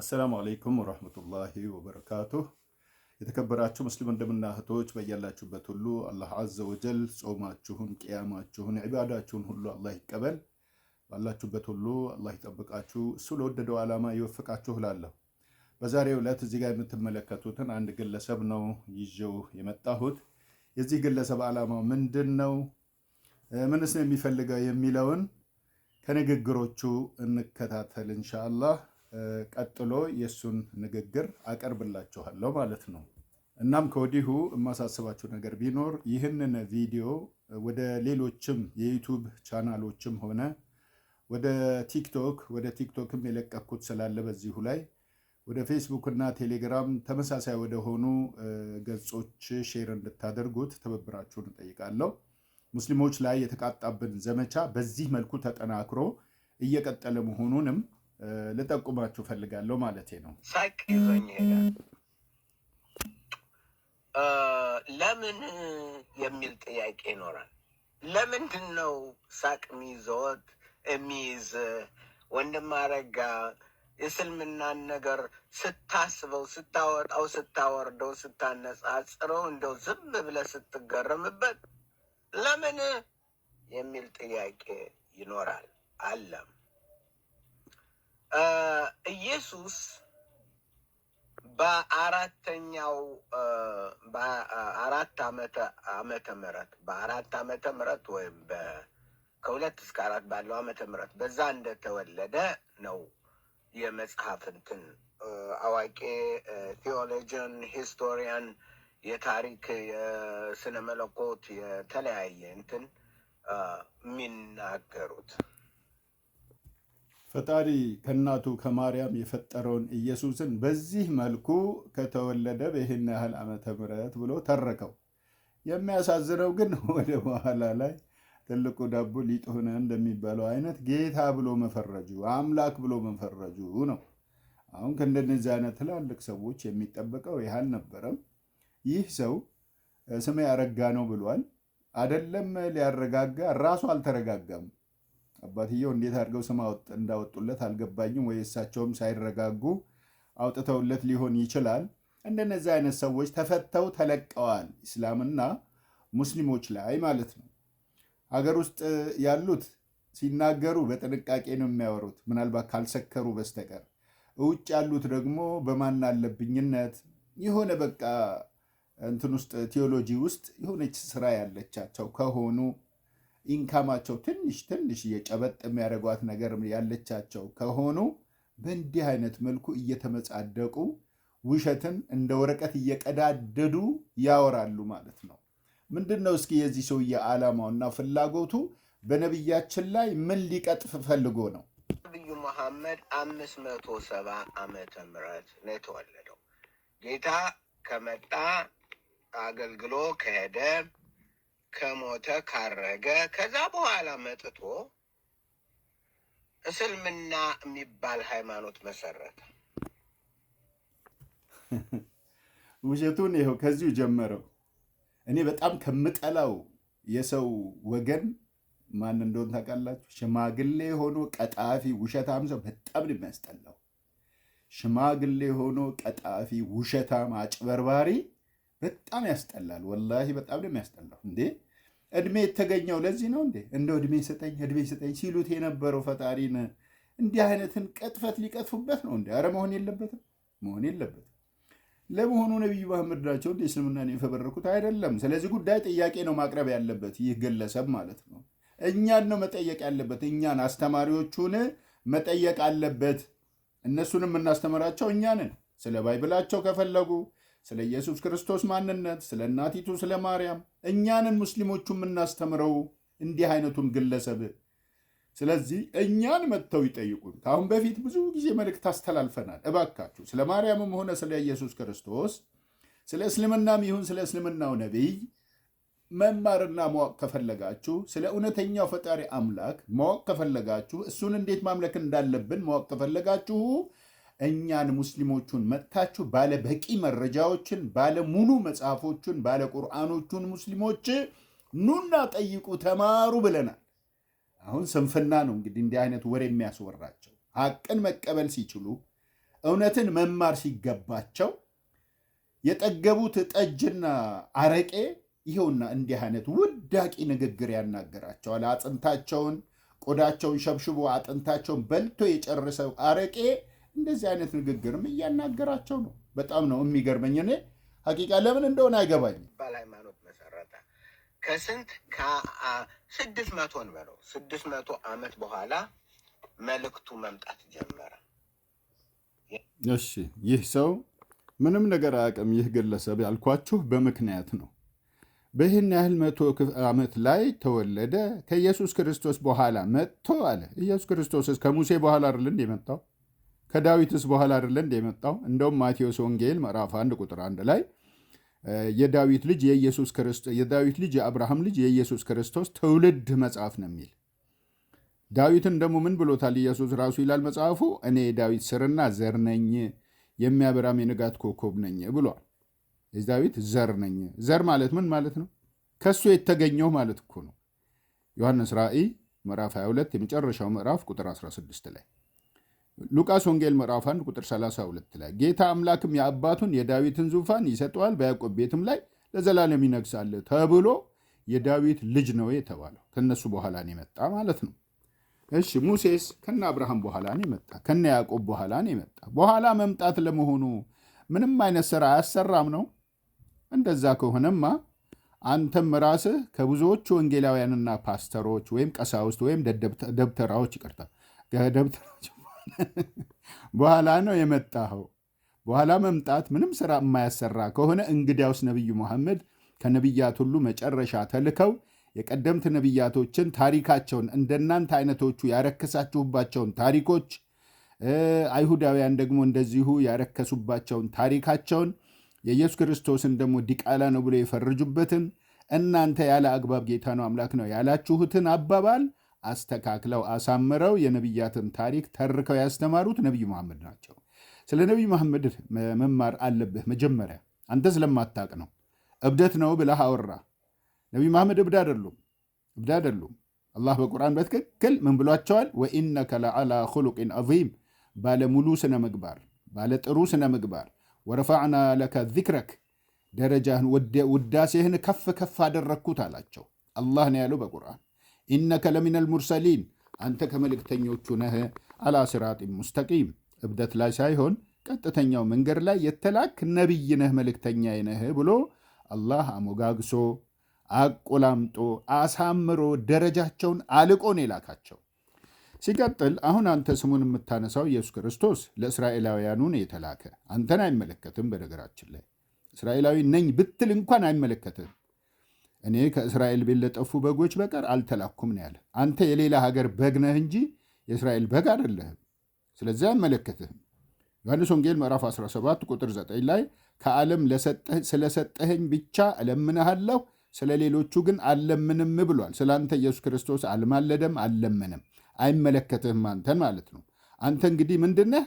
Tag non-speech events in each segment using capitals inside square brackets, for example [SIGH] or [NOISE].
አሰላሙ አለይኩም ወረህመቱላሂ ወበረካቱህ የተከበራችሁ ሙስሊም ወንድምና እህቶች በያላችሁበት ሁሉ አላህ አዘ ወጀል ጾማችሁን፣ ቅያማችሁን፣ ዒባዳችሁን ሁሉ አላህ ይቀበል። ባላችሁበት ሁሉ አላህ ይጠብቃችሁ፣ እሱ ለወደደው ዓላማ ይወፍቃችሁ እላለሁ። በዛሬው ዕለት እዚህ ጋር የምትመለከቱትን አንድ ግለሰብ ነው ይዤው የመጣሁት። የዚህ ግለሰብ ዓላማ ምንድን ነው? ምንስ ነው የሚፈልገው የሚለውን ከንግግሮቹ እንከታተል ኢንሻአላህ። ቀጥሎ የእሱን ንግግር አቀርብላችኋለሁ ማለት ነው። እናም ከወዲሁ የማሳስባችሁ ነገር ቢኖር ይህንን ቪዲዮ ወደ ሌሎችም የዩቱብ ቻናሎችም ሆነ ወደ ቲክቶክ ወደ ቲክቶክም የለቀኩት ስላለ በዚሁ ላይ ወደ ፌስቡክ እና ቴሌግራም ተመሳሳይ ወደሆኑ ገጾች ሼር እንድታደርጉት ትብብራችሁን እጠይቃለሁ። ሙስሊሞች ላይ የተቃጣብን ዘመቻ በዚህ መልኩ ተጠናክሮ እየቀጠለ መሆኑንም ልጠቁማችሁ ፈልጋለሁ ማለት ነው። ሳቅ ይዞኝ ለምን የሚል ጥያቄ ይኖራል። ለምንድን ነው ሳቅ የሚይዘወት የሚይዝ ወንድም አረጋ የስልምናን ነገር ስታስበው ስታወጣው ስታወርደው ስታነጻጽረው እንደው ዝም ብለህ ስትገረምበት ለምን የሚል ጥያቄ ይኖራል አለም ኢየሱስ በአራተኛው በአራት ዓመተ ዓመተ ምህረት በአራት ዓመተ ምህረት ወይም ከሁለት እስከ አራት ባለው ዓመተ ምህረት በዛ እንደተወለደ ነው የመጽሐፍ እንትን አዋቂ ቴዎሎጂን ሂስቶሪያን የታሪክ የስነ መለኮት የተለያየ እንትን የሚናገሩት ፈጣሪ ከእናቱ ከማርያም የፈጠረውን ኢየሱስን በዚህ መልኩ ከተወለደ በይህን ያህል ዓመተ ምሕረት ብሎ ተረከው። የሚያሳዝነው ግን [LAUGHS] ወደ በኋላ ላይ ትልቁ ዳቦ ሊጥ ሆነ እንደሚባለው አይነት ጌታ ብሎ መፈረጁ አምላክ ብሎ መፈረጁ ነው። አሁን ከእንደነዚህ አይነት ትላልቅ ሰዎች የሚጠበቀው ይህ አልነበረም። ይህ ሰው ስሜ ያረጋ ነው ብሏል። አደለም ሊያረጋጋ ራሱ አልተረጋጋም። አባትየው እንዴት አድርገው ስም እንዳወጡለት አልገባኝም። ወይ እሳቸውም ሳይረጋጉ አውጥተውለት ሊሆን ይችላል። እንደነዚህ አይነት ሰዎች ተፈተው ተለቀዋል፣ ኢስላምና ሙስሊሞች ላይ ማለት ነው። ሀገር ውስጥ ያሉት ሲናገሩ በጥንቃቄ ነው የሚያወሩት፣ ምናልባት ካልሰከሩ በስተቀር። ውጭ ያሉት ደግሞ በማን አለብኝነት የሆነ በቃ እንትን ውስጥ ቴዎሎጂ ውስጥ የሆነች ስራ ያለቻቸው ከሆኑ ኢንካማቸው ትንሽ ትንሽ እየጨበጥ የሚያደርጓት ነገር ያለቻቸው ከሆኑ በእንዲህ አይነት መልኩ እየተመጻደቁ ውሸትን እንደ ወረቀት እየቀዳደዱ ያወራሉ ማለት ነው። ምንድን ነው እስኪ የዚህ ሰውዬ ዓላማውና ፍላጎቱ? በነቢያችን ላይ ምን ሊቀጥፍ ፈልጎ ነው? ነቢዩ መሐመድ አምስት መቶ ሰባ ዓመተ ምህረት ነው የተወለደው። ጌታ ከመጣ አገልግሎ ከሄደ ከሞተ ካረገ ከዛ በኋላ መጥቶ እስልምና የሚባል ሃይማኖት መሰረተ። [LAUGHS] ውሸቱን ይኸው ከዚሁ ጀመረው። እኔ በጣም ከምጠላው የሰው ወገን ማን እንደሆን ታውቃላችሁ? ሽማግሌ ሆኖ ቀጣፊ ውሸታም ሰው በጣም ነው የሚያስጠላው። ሽማግሌ ሆኖ ቀጣፊ ውሸታም አጭበርባሪ በጣም ያስጠላል። ወላሂ በጣም ደም ያስጠላል እንዴ እድሜ የተገኘው ለዚህ ነው እንዴ? እንደው እድሜ ሰጠኝ እድሜ ሰጠኝ ሲሉት የነበረው ፈጣሪን እንዲህ አይነትን ቅጥፈት ሊቀጥፉበት ነው እንዴ? አረ መሆን የለበትም መሆን የለበትም። ለመሆኑ ነቢዩ መሐመድ ናቸው እንደ እስልምናን የፈበረኩት አይደለም። ስለዚህ ጉዳይ ጥያቄ ነው ማቅረብ ያለበት ይህ ግለሰብ ማለት ነው። እኛን ነው መጠየቅ ያለበት። እኛን አስተማሪዎቹን መጠየቅ አለበት። እነሱንም የምናስተምራቸው እኛንን ስለ ባይብላቸው ከፈለጉ ስለ ኢየሱስ ክርስቶስ ማንነት፣ ስለ እናቲቱ ስለ ማርያም እኛንን ሙስሊሞቹ የምናስተምረው እንዲህ አይነቱን ግለሰብ። ስለዚህ እኛን መጥተው ይጠይቁን። ከአሁን በፊት ብዙ ጊዜ መልእክት አስተላልፈናል። እባካችሁ ስለ ማርያምም ሆነ ስለ ኢየሱስ ክርስቶስ ስለ እስልምናም ይሁን ስለ እስልምናው ነቢይ መማርና ማወቅ ከፈለጋችሁ ስለ እውነተኛው ፈጣሪ አምላክ ማወቅ ከፈለጋችሁ እሱን እንዴት ማምለክ እንዳለብን ማወቅ ከፈለጋችሁ እኛን ሙስሊሞቹን መጥታችሁ ባለ በቂ መረጃዎችን ባለ ሙሉ መጽሐፎቹን ባለ ቁርአኖቹን ሙስሊሞች ኑና ጠይቁ ተማሩ ብለናል። አሁን ስንፍና ነው እንግዲህ እንዲህ አይነት ወሬ የሚያስወራቸው ሀቅን መቀበል ሲችሉ እውነትን መማር ሲገባቸው የጠገቡት ጠጅና አረቄ ይኸውና እንዲህ አይነት ውዳቂ ንግግር ያናገራቸዋል። አጥንታቸውን ቆዳቸውን ሸብሽቦ አጥንታቸውን በልቶ የጨረሰው አረቄ እንደዚህ አይነት ንግግርም እያናገራቸው ነው። በጣም ነው የሚገርመኝ። እኔ ሀቂቃ ለምን እንደሆነ አይገባኝ ሃይማኖት መሰረተ ከስንት ከስድስት መቶ እንበለው ስድስት መቶ አመት በኋላ መልእክቱ መምጣት ጀመረ። እሺ ይህ ሰው ምንም ነገር አያውቅም። ይህ ግለሰብ ያልኳችሁ በምክንያት ነው። በይህን ያህል መቶ ዓመት ላይ ተወለደ። ከኢየሱስ ክርስቶስ በኋላ መጥቶ አለ። ኢየሱስ ክርስቶስ ከሙሴ በኋላ አይደል የመጣው? ከዳዊትስ በኋላ አይደለ እንደ የመጣው እንደውም ማቴዎስ ወንጌል ምዕራፍ አንድ ቁጥር አንድ ላይ የዳዊት ልጅ የኢየሱስ ክርስቶስ የዳዊት ልጅ የአብርሃም ልጅ የኢየሱስ ክርስቶስ ትውልድ መጽሐፍ ነው የሚል ዳዊትን ደግሞ ምን ብሎታል ኢየሱስ ራሱ ይላል መጽሐፉ እኔ የዳዊት ስርና ዘር ነኝ የሚያበራም የንጋት ኮከብ ነኝ ብሏል ዳዊት ዘር ነኝ ዘር ማለት ምን ማለት ነው ከሱ የተገኘው ማለት እኮ ነው ዮሐንስ ራእይ ምዕራፍ 22 የመጨረሻው ምዕራፍ ቁጥር 16 ላይ ሉቃስ ወንጌል ምዕራፍ 1 ቁጥር 32 ላይ ጌታ አምላክም የአባቱን የዳዊትን ዙፋን ይሰጠዋል፣ በያዕቆብ ቤትም ላይ ለዘላለም ይነግሳል ተብሎ የዳዊት ልጅ ነው የተባለው ከነሱ በኋላ ነው የመጣ ማለት ነው። እሺ ሙሴስ ከነ አብርሃም በኋላ ነው የመጣ፣ ከነ ያዕቆብ በኋላ ነው የመጣ። በኋላ መምጣት ለመሆኑ ምንም አይነት ስራ አያሰራም ነው? እንደዛ ከሆነማ አንተም ራስህ ከብዙዎቹ ወንጌላውያንና ፓስተሮች ወይም ቀሳውስት ወይም ደብተራዎች ይቅርታ ደብተራዎች [LAUGHS] በኋላ ነው የመጣኸው። በኋላ መምጣት ምንም ስራ የማያሰራ ከሆነ እንግዲያውስ ነቢዩ መሐመድ ከነቢያት ሁሉ መጨረሻ ተልከው የቀደምት ነቢያቶችን ታሪካቸውን እንደናንተ አይነቶቹ ያረከሳችሁባቸውን ታሪኮች አይሁዳውያን ደግሞ እንደዚሁ ያረከሱባቸውን ታሪካቸውን የኢየሱስ ክርስቶስን ደግሞ ዲቃላ ነው ብሎ የፈረጁበትን እናንተ ያለ አግባብ ጌታ ነው አምላክ ነው ያላችሁትን አባባል አስተካክለው አሳምረው የነቢያትን ታሪክ ተርከው ያስተማሩት ነቢይ መሐመድ ናቸው። ስለ ነቢይ መሐመድ መማር አለብህ መጀመሪያ አንተ ስለማታቅ ነው። እብደት ነው ብለህ አወራ። ነቢዩ መሐመድ እብድ አይደሉም፣ እብድ አይደሉም። አላህ በቁርአን በትክክል ምን ብሏቸዋል? ወኢነከ ለዓላ ኹሉቅን ዐዚም፣ ባለሙሉ ስነ ምግባር፣ ባለጥሩ ስነ ምግባር። ወረፋዕና ለከ ዚክረክ፣ ደረጃህን ውዳሴህን ከፍ ከፍ አደረግኩት አላቸው። አላህ ነው ያለው በቁርአን ኢነከ ለሚነል ሙርሰሊን አንተ ከመልእክተኞቹ ነህ። አላ ሲራጢ ሙስተቂም እብደት ላይ ሳይሆን ቀጥተኛው መንገድ ላይ የተላክ ነቢይ ነህ መልእክተኛ ነህ ብሎ አላህ አሞጋግሶ አቆላምጦ አሳምሮ ደረጃቸውን አልቆ ነው የላካቸው። ሲቀጥል አሁን አንተ ስሙን የምታነሳው ኢየሱስ ክርስቶስ ለእስራኤላውያኑ ነው የተላከ። አንተን አይመለከትም። በነገራችን ላይ እስራኤላዊ ነኝ ብትል እንኳን አይመለከትም። እኔ ከእስራኤል ቤት ለጠፉ በጎች በቀር አልተላኩም ነው ያለ። አንተ የሌላ ሀገር በግ ነህ እንጂ የእስራኤል በግ አይደለህም። ስለዚህ አይመለከትህም። ዮሐንስ ወንጌል ምዕራፍ 17 ቁጥር 9 ላይ ከዓለም ስለሰጠኸኝ ብቻ እለምንሃለሁ፣ ስለ ሌሎቹ ግን አልለምንም ብሏል። ስለ አንተ ኢየሱስ ክርስቶስ አልማለደም፣ አልለምንም። አይመለከትህም አንተን ማለት ነው። አንተ እንግዲህ ምንድነህ?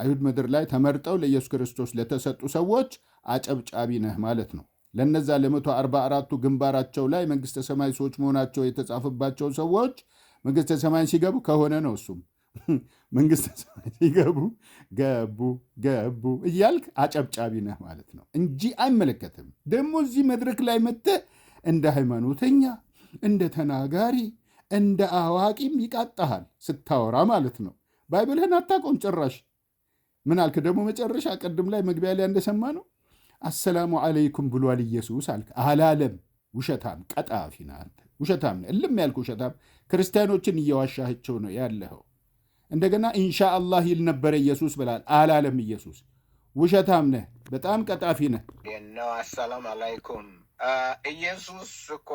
አይሁድ ምድር ላይ ተመርጠው ለኢየሱስ ክርስቶስ ለተሰጡ ሰዎች አጨብጫቢ ነህ ማለት ነው። ለነዛ ለ144ቱ ግንባራቸው ላይ መንግስተ ሰማይ ሰዎች መሆናቸው የተጻፈባቸው ሰዎች መንግስተ ሰማይን ሲገቡ ከሆነ ነው እሱም [LAUGHS] መንግስተ ሰማይ ሲገቡ ገቡ ገቡ እያልክ አጨብጫቢ ነህ ማለት ነው እንጂ አይመለከትም። ደግሞ እዚህ መድረክ ላይ መጥተህ እንደ ሃይማኖተኛ፣ እንደ ተናጋሪ፣ እንደ አዋቂም ይቃጣሃል ስታወራ ማለት ነው። ባይብልህን አታውቀውም ጭራሽ። ምን አልክ ደግሞ መጨረሻ? ቅድም ላይ መግቢያ ላይ እንደሰማ ነው አሰላሙ አለይኩም ብሏል ኢየሱስ አልክ አላለም። ውሸታም ቀጣፊ ናት። ውሸታም እልም ያልክ ውሸታም፣ ክርስቲያኖችን እየዋሻቸው ነው ያለኸው። እንደገና ኢንሻ አላህ ይል ነበረ ኢየሱስ ብላል። አላለም ኢየሱስ። ውሸታም ነህ፣ በጣም ቀጣፊ ነህ ነው። አሰላም አለይኩም ኢየሱስ እኮ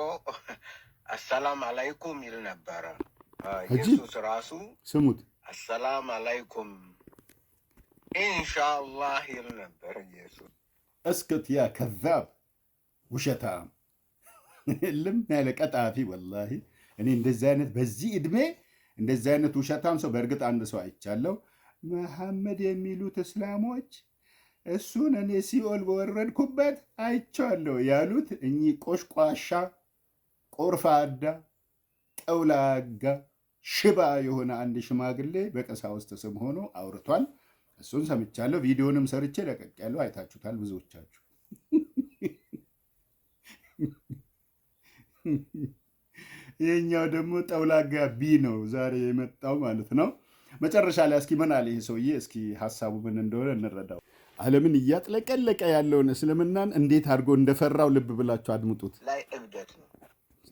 አሰላም አለይኩም ይል ነበረ ኢየሱስ ራሱ። ስሙት፣ አሰላም አለይኩም ኢንሻ አላህ ይል ነበር ኢየሱስ እስክት ያ ከዛብ ውሸታም ልም ያለ ቀጣፊ ወላሂ እኔ እንደዚህ አይነት በዚህ እድሜ እንደዚህ አይነት ውሸታም ሰው በእርግጥ አንድ ሰው አይቻለው መሐመድ የሚሉት እስላሞች እሱን እኔ ሲኦል በወረድኩበት አይቼዋለሁ ያሉት እኚህ ቆሽቋሻ ቆርፋዳ ጠውላጋ ሽባ የሆነ አንድ ሽማግሌ በቀሳውስት ስም ሆኖ አውርቷል። እሱን ሰምቻለሁ። ቪዲዮንም ሰርቼ ለቀቅ ያለው አይታችሁታል ብዙዎቻችሁ። ይህኛው ደግሞ ጠውላጋ ቢ ነው ዛሬ የመጣው ማለት ነው። መጨረሻ ላይ እስኪ ምን አለ ይህ ሰውዬ፣ እስኪ ሀሳቡ ምን እንደሆነ እንረዳው። ዓለምን እያጥለቀለቀ ያለውን እስልምናን እንዴት አድርጎ እንደፈራው ልብ ብላችሁ አድምጡት። ላይ እብደት ነው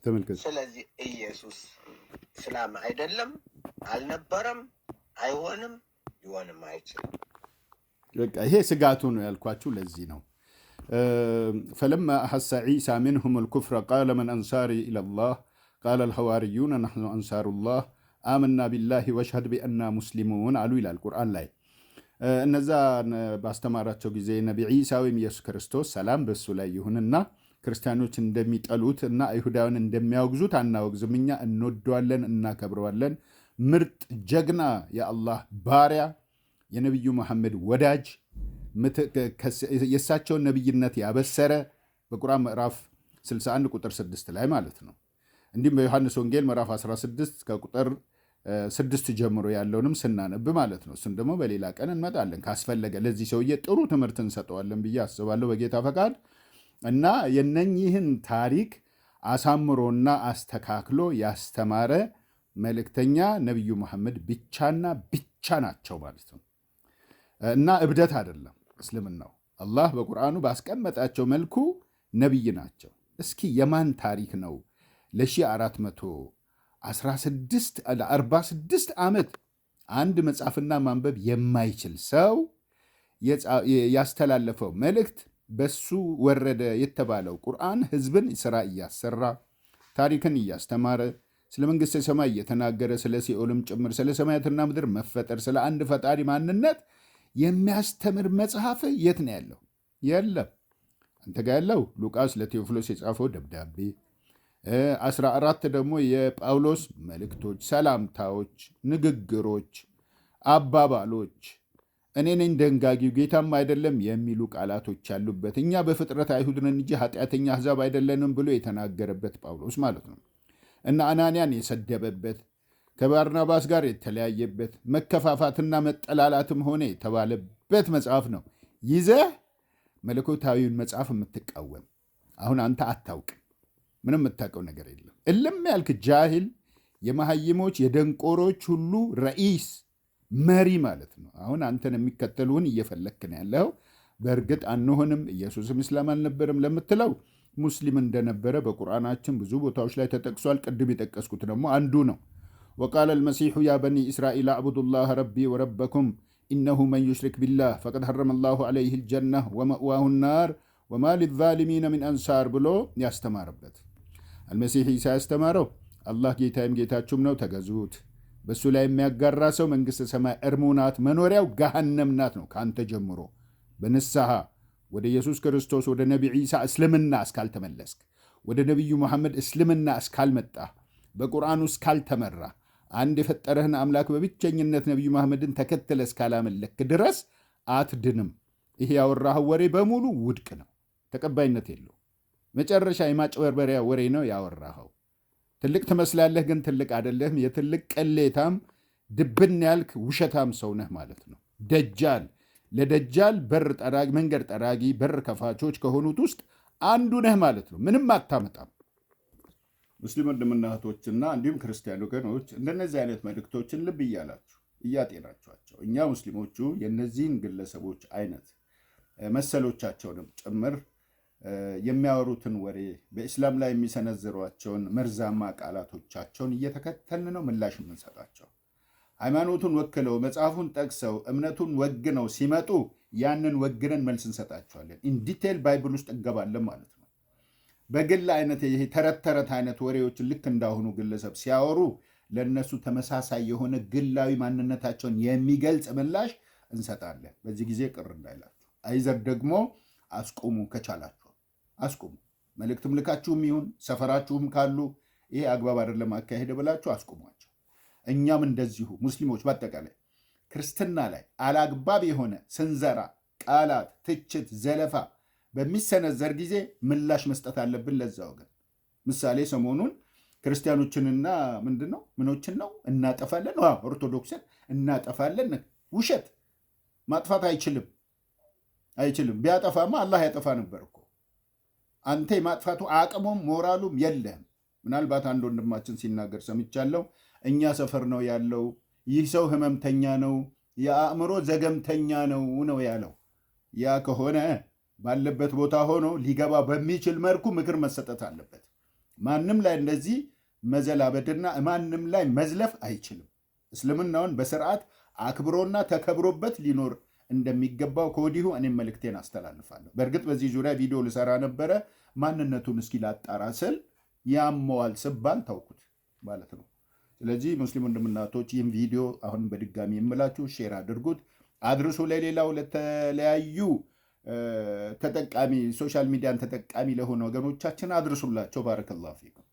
ተመልከቱ። ስለዚህ ኢየሱስ እስላም አይደለም፣ አልነበረም፣ አይሆንም ሊሆንም አይችልም። በቃ ይሄ ስጋቱ ነው ያልኳችሁ ለዚህ ነው። ፈለማ አሐሰ ዒሳ ምንሁም ልኩፍረ ቃለ መን አንሳሪ ኢለላህ ቃለ ልሐዋርዩን ናሕኑ አንሳሩላህ አምና ቢላሂ ወሽሀድ ቢአና ሙስሊሙን አሉ ይላል ቁርአን ላይ። እነዛ ባስተማራቸው ጊዜ ነቢ ዒሳ ወይም ኢየሱስ ክርስቶስ ሰላም በሱ ላይ ይሁንና ክርስቲያኖች እንደሚጠሉት እና አይሁዳውያን እንደሚያወግዙት አናወግዝም፣ እኛ እንወደዋለን፣ እናከብረዋለን ምርጥ ጀግና የአላህ ባሪያ የነቢዩ መሐመድ ወዳጅ የእሳቸውን ነቢይነት ያበሰረ በቁርአን ምዕራፍ 61 ቁጥር 6 ላይ ማለት ነው። እንዲሁም በዮሐንስ ወንጌል ምዕራፍ 16 ከቁጥር ስድስት ጀምሮ ያለውንም ስናነብ ማለት ነው። እሱም ደግሞ በሌላ ቀን እንመጣለን ካስፈለገ። ለዚህ ሰውዬ ጥሩ ትምህርት እንሰጠዋለን ብዬ አስባለሁ በጌታ ፈቃድ እና የነኝህን ታሪክ አሳምሮና አስተካክሎ ያስተማረ መልእክተኛ ነቢዩ መሐመድ ብቻና ብቻ ናቸው ማለት ነው እና እብደት አይደለም እስልምናው። አላህ በቁርአኑ ባስቀመጣቸው መልኩ ነቢይ ናቸው። እስኪ የማን ታሪክ ነው ለ1416 ዓመት አንድ መጽሐፍና ማንበብ የማይችል ሰው ያስተላለፈው መልእክት በሱ ወረደ የተባለው ቁርአን ህዝብን ስራ እያሰራ ታሪክን እያስተማረ ስለ መንግሥተ ሰማይ እየተናገረ ስለ ሲኦልም ጭምር ስለ ሰማያትና ምድር መፈጠር ስለ አንድ ፈጣሪ ማንነት የሚያስተምር መጽሐፍ የት ነው ያለው? የለም። አንተ ጋ ያለው ሉቃስ ለቴዎፍሎስ የጻፈው ደብዳቤ፣ አስራ አራት ደግሞ የጳውሎስ መልእክቶች፣ ሰላምታዎች፣ ንግግሮች፣ አባባሎች እኔ ነኝ ደንጋጊው ጌታም አይደለም የሚሉ ቃላቶች ያሉበት እኛ በፍጥረት አይሁድ ነን እንጂ ኃጢአተኛ አሕዛብ አይደለንም ብሎ የተናገረበት ጳውሎስ ማለት ነው። እና አናንያን የሰደበበት ከባርናባስ ጋር የተለያየበት መከፋፋትና መጠላላትም ሆነ የተባለበት መጽሐፍ ነው። ይዘህ መለኮታዊውን መጽሐፍ የምትቃወም አሁን አንተ አታውቅም። ምንም የምታውቀው ነገር የለም። እልም ያልክ ጃሂል፣ የመሀይሞች የደንቆሮች ሁሉ ረኢስ መሪ ማለት ነው። አሁን አንተን የሚከተሉን እየፈለክን ያለው። በእርግጥ አንሆንም ኢየሱስም እስላም አልነበርም ለምትለው ሙስሊም እንደነበረ በቁርአናችን ብዙ ቦታዎች ላይ ተጠቅሷል። ቅድም የጠቀስኩት ደግሞ አንዱ ነው። ወቃለ አልመሲሑ ያ በኒ እስራኤል አዕቡዱላህ ረቢ ወረበኩም ኢነሁ መን ዩሽሪክ ቢላህ ፈቀድ ሐረመ ላሁ ዓለይህ ልጀና ወመእዋሁ ናር ወማ ሊዛሊሚነ ሚን አንሳር ብሎ ያስተማረበት አልመሲሕ ኢሳ ያስተማረው አላህ ጌታይም ጌታችሁም ነው፣ ተገዙት። በእሱ ላይ የሚያጋራ ሰው መንግሥተ ሰማይ እርሙናት፣ መኖሪያው ገሃነም ናት ነው ከአንተ ጀምሮ በንስሐ ወደ ኢየሱስ ክርስቶስ ወደ ነቢ ዒሳ እስልምና እስካልተመለስክ፣ ወደ ነቢዩ መሐመድ እስልምና እስካልመጣ፣ በቁርአኑ እስካልተመራ፣ አንድ የፈጠረህን አምላክ በብቸኝነት ነቢዩ መሐመድን ተከተለ እስካላመለክ ድረስ አትድንም። ይሄ ያወራህ ወሬ በሙሉ ውድቅ ነው፣ ተቀባይነት የለው። መጨረሻ የማጭበርበሪያ ወሬ ነው ያወራኸው። ትልቅ ትመስላለህ፣ ግን ትልቅ አደለህም። የትልቅ ቅሌታም ድብን ያልክ ውሸታም ሰው ነህ ማለት ነው። ደጃል ለደጃል በር ጠራጊ መንገድ ጠራጊ በር ከፋቾች ከሆኑት ውስጥ አንዱ ነህ ማለት ነው። ምንም አታመጣም። ሙስሊም ወንድምና እህቶችና እንዲሁም ክርስቲያን ወገኖች እንደነዚህ አይነት መልእክቶችን ልብ እያላችሁ እያጤናችኋቸው እኛ ሙስሊሞቹ የነዚህን ግለሰቦች አይነት መሰሎቻቸውንም ጭምር የሚያወሩትን ወሬ በኢስላም ላይ የሚሰነዝሯቸውን መርዛማ ቃላቶቻቸውን እየተከተልን ነው ምላሽ የምንሰጣቸው። ሃይማኖቱን ወክለው መጽሐፉን ጠቅሰው እምነቱን ወግነው ሲመጡ ያንን ወግነን መልስ እንሰጣቸዋለን። ኢንዲቴል ባይብል ውስጥ እገባለን ማለት ነው። በግል አይነት ይሄ ተረት ተረት አይነት ወሬዎችን ልክ እንዳሁኑ ግለሰብ ሲያወሩ ለእነሱ ተመሳሳይ የሆነ ግላዊ ማንነታቸውን የሚገልጽ ምላሽ እንሰጣለን። በዚህ ጊዜ ቅር እንዳይላችሁ፣ አይዘር ደግሞ አስቁሙ፣ ከቻላችሁ አስቁሙ። መልእክትም ልካችሁም ይሁን ሰፈራችሁም ካሉ ይሄ አግባብ አይደለም አካሄደ ብላችሁ አስቁሟል። እኛም እንደዚሁ ሙስሊሞች በአጠቃላይ ክርስትና ላይ አላግባብ የሆነ ስንዘራ፣ ቃላት፣ ትችት፣ ዘለፋ በሚሰነዘር ጊዜ ምላሽ መስጠት አለብን ለዛ ወገን። ምሳሌ ሰሞኑን ክርስቲያኖችንና ምንድን ነው ምኖችን ነው እናጠፋለን፣ ኦርቶዶክስን እናጠፋለን። ውሸት ማጥፋት አይችልም አይችልም። ቢያጠፋማ አላህ ያጠፋ ነበር እኮ አንተ የማጥፋቱ አቅሙም ሞራሉም የለህም። ምናልባት አንድ ወንድማችን ሲናገር ሰምቻለሁ። እኛ ሰፈር ነው ያለው፣ ይህ ሰው ህመምተኛ ነው፣ የአእምሮ ዘገምተኛ ነው ነው ያለው። ያ ከሆነ ባለበት ቦታ ሆኖ ሊገባ በሚችል መልኩ ምክር መሰጠት አለበት። ማንም ላይ እንደዚህ መዘላበድና ማንም ላይ መዝለፍ አይችልም። እስልምናውን በስርዓት አክብሮና ተከብሮበት ሊኖር እንደሚገባው ከወዲሁ እኔም መልእክቴን አስተላልፋለሁ። በእርግጥ በዚህ ዙሪያ ቪዲዮ ልሰራ ነበረ። ማንነቱን እስኪ ላጣራ ስል ያመዋል ስባል ታውኩት ማለት ነው። ስለዚህ ሙስሊም ወንድምናቶች ይህም ቪዲዮ አሁን በድጋሚ የምላችሁ ሼር አድርጉት፣ አድርሱ ለሌላው ለተለያዩ ተጠቃሚ ሶሻል ሚዲያን ተጠቃሚ ለሆነ ወገኖቻችን አድርሱላቸው። ባረከላሁ ፊኩም።